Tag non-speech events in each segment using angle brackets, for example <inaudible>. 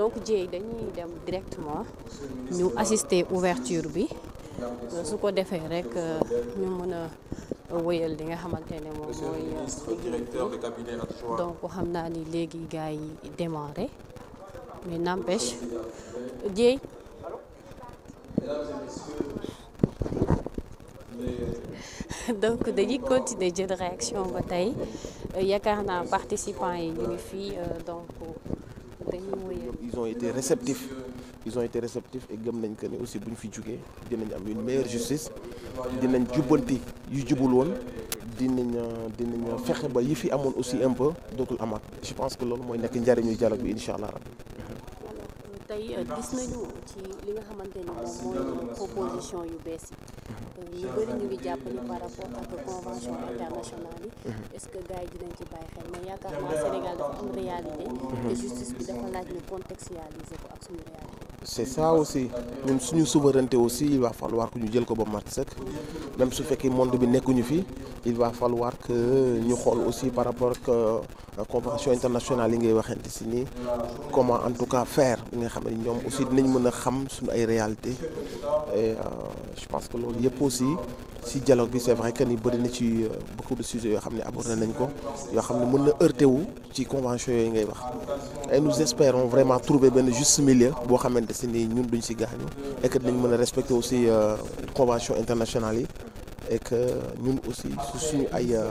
donc jéey dañuy dem directement ñu assisté ouverture bi su ko defee rek euh, ñu mën a wëyal li nga xamante ne moom mooy euh, donc xam naa ni léegi gars yi démarré mais n'empêche jéey <laughs> donc dañuy continuer jël réaction ba tey euh, yaakaar naa participants yi ñu ngi fii donc ils ont été réceptifs ils ont été réceptifs et gëm nañ que ne aussi bu ñu fi jugee dinañ am une meilleure justice dinañ jubbanti yu jubul woon dinañ dinañ fexe ba yi fi amoon aussi un peu dootul amaat je pense que loolu mooy nekk njariñu dialogue bi incha allah rabbi tey euh, gis nañu ci li nga xamante ni moom mooy proposition yu bees yi euh, ñu bëri ñu ngi jàpp ni par rapport ak convention internationale yi est-ce que gars yi dinañ ci bàyyi xel mais yaakaar naa Sénégal dafa am réalité mm-hmm. te justice bi dafa laaj ñu contextualiser ko ak suñu réalité c'est ça aussi ñun suñu souveraineté aussi il va falloir que ñu jël ko ba mat sec même su fekkee monde bi nekkuñu fi il va falloir que ñu xool aussi par rapport ak euh, convention internationale yi ngay waxante si nii comment en tout cas fair bi nga xam ne ñoom aussi dinañ mën a xam suñu ay réalité euh, je pense que loolu yëpp aussi si dialogue bi c'est vrai que ni bëri na ci euh, beaucoup de sujets yoo xam ne abordé nañ ko yoo xam ne mën na heurté wu ci convention yooyu ngay wax et nous espérons vraiment trouver benn juste milieu boo xamante si nii ñun duñ si gaañu et que dinañ mën a respecter aussi euh, convention international yi et que ñun aussi su suñu ay euh,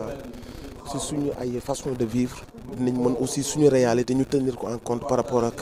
si suñu ay façon de vivre dinañ mën aussi suñu réalité ñu tenir ko en compte par rapport ak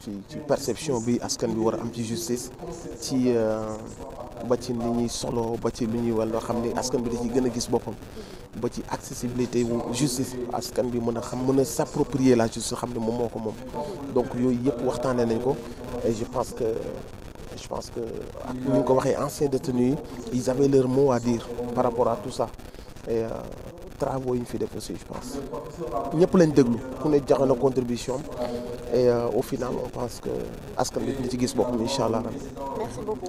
ci ci perception bi askan bi war a am ci justice ci euh, ba ci ni ñuy solo ba ci lu ñuy wàlloo xam ni askan bi dañuy gën a gis boppam ba ci accessibilité justice askan bi mën a xam mën a s'approprier la justice xam ne moom moo ko moom donc yooyu yëpp waxtaanee nañ ko et je pense que je pense que ak ni ñu ko waxee anciens détenus yi ils avaient leur mot à par rapport à tout sax travaux yi ñu fi def aussi je pense ñëpp lañ déglu ku ne joxe contribution et euh, au final on pense que askan bi dina ci gis boppam incha allah. merci beaucoup